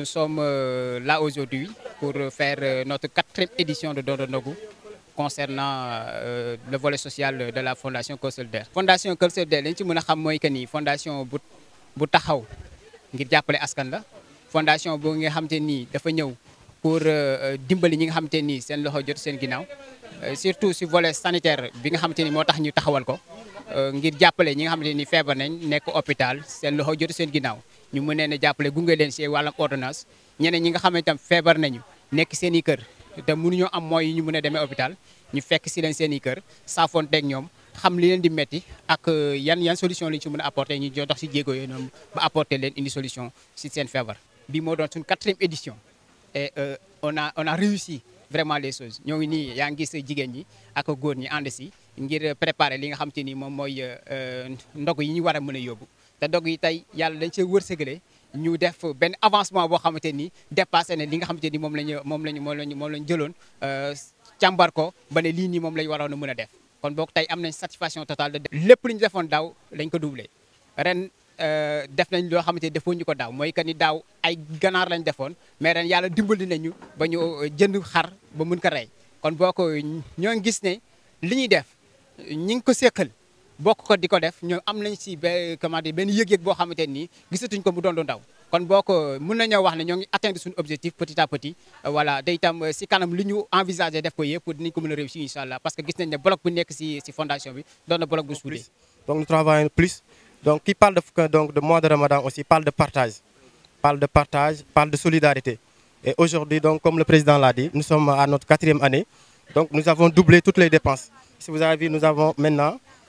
nous sommes euh, là aujourd'hui pour faire euh, notre quatrième édition de Dondonogu concernant euh, le volet social de la Fondation Kosselder. Fondation Kosselder li ñu ci mën a xam que ni fondation bu bu taxaw ngir jàppale askan la fondation boo nga xam te dafa ñëw pour dimbali ñi nga xam te nii seen loxo jot seen ginnaaw surtout si volet sanitaire bi nga xam te ni moo tax ñu taxawal ko ngir jàppale ñi nga xam ni feebar nañ nekk hôpital seen loxo jot seen ginnaaw. ñu mën leen a jàppale gunge leen si ordonnance ñeneen ñi nga xamante tam feebar nañu nek seen i kër te mënuñoo am mooy yi ñu mën a demee hôpital ñu fekk si leen seen i kër saafoonteeg ñoom xam li leen di metti ak euh, yan yan solution lañu si mën a apporter ñu jox si jéego yooyu noonu ba apporter leen une solution si seen feebar bi moo doon suñ quatrième édition et euh, on a on a réussi vraiment les choses ñoo ngi nii yaa ngi gis jigéen ñi ak góor ñi ànd si ngir préparer li nga xam te ni moom mooy euh, ndog yi ñu war a mën a te dog yi tey yàlla dañ see wërsëgale ñu def benn avancement boo xamante ni dépassé na li nga xamante ni moom la moom la ñu moom ñu moom la ñu jëloon euh, càmbar ko ba ne lii nii moom la ñu waroon a mën a def kon boog tey am nañ satisfaction totale de lépp lu ñu defoon daaw lañ ko doublé ren euh, def nañ loo xamante ni ñu ko daaw mooy que ni daaw ay ganaar lañ defoon mais ren yàlla dimbali nañu ba ñu euh, jënd xar ba mun ko rey kon boo ko ñoo gis ne li ñuy def ñi ngi ko seqal bokk ko di ko def ñoom am nañ si benn comment dire benn yëg-yëg boo xamante ko mu doon ndaw kon boo ko mën wax atteindre suñu objectif petit à petit voilà te itam si euh, kanam li ñu envisagé def ko yëpp dinañ ko mën réussir incha parce que nous nañ ne bloc bu nekk si si fondation bi doon na bloc bu soudé donc nous travaillons plus donc qui parle de, donc, de mois de ramadan aussi parle de partage parle de partage parle de solidarité et aujourd'hui donc comme le président l'a dit nous sommes à notre quatrième année donc nous avons doublé toutes les dépenses si vous avez vu nous avons maintenant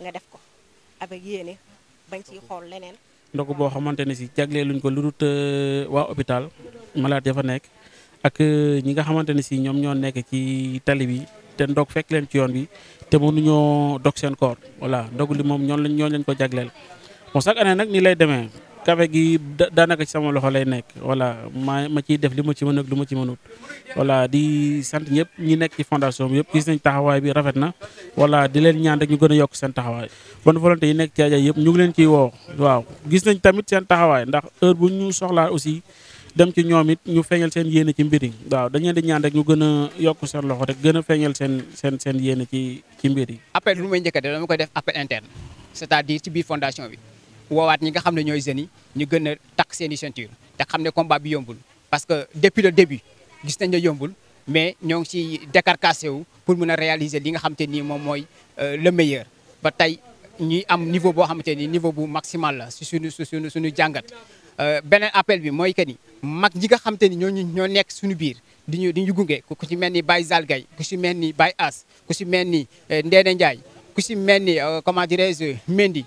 nga def ko avec yene bañ ci xol leneen. ndogu bo xamante ci si luñ ko lu euh, wa hôpital malade ya fa nek ak euh, ñi nga xamante ci si ñoo nek ci tali bi te ndog fekk leen ci yoon bi te ñoo dox seen koor wala ndog li mom ñoon lañ ñoo lañ ko jaglel bon chaque année nag nii lay demee café gi daanaka ci sama loxo lay nekk voilà ma ma ciy def li ma ci mën ak lu ma ci mënut voilà di sant ñëpp ñu nekk ci fondation bi yëpp gis nañ taxawaay bi rafet na voilà di leen ñaan rek ñu gën a yokk seen taxawaay bonne volonté yi nekk ci yëpp ñu ngi leen ciy woo waaw gis nañ tamit seen taxawaay ndax heure bu ñu soxlaa aussi dem ci ñoom it ñu feeñal seen yéene ci mbir yi waaw dañ leen di ñaan rek ñu gën a yokk seen loxo rek gën a feeñal seen seen seen yéene ci ci mbir yi. appel lu may njëkk dama koy def appel interne c'est-à-dire ci biir fondation bi. woowaat ñi nga xamné ñoy ñu parce que depuis le début gis nañ yombul mais ñoo ci décarcasser wu pour réaliser li nga euh, le meilleur ba tay am niveau ni niveau bu maximal la si suñu su suñu suñu euh appel bi que ni ñi nga ni ñoo ñoo nek suñu biir di ñu di nous, ku ci Baye Zalgay ku ci Baye As ku ci euh, ku ci euh, comment dirais mendi.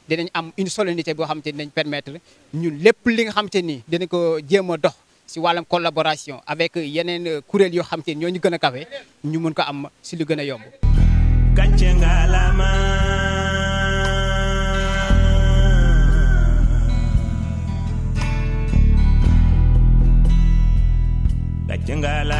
dinañ am une solennité boo xamante ni dinañ permettre ñun lépp li nga xamante ni dinañ ko jéem a dox si wàllum collaboration avec yeneen kuréel yoo xamante ni ñoo ñu gën a kawe ñu mën ko am si lu gën a yomb. gàcce nga la ma nga la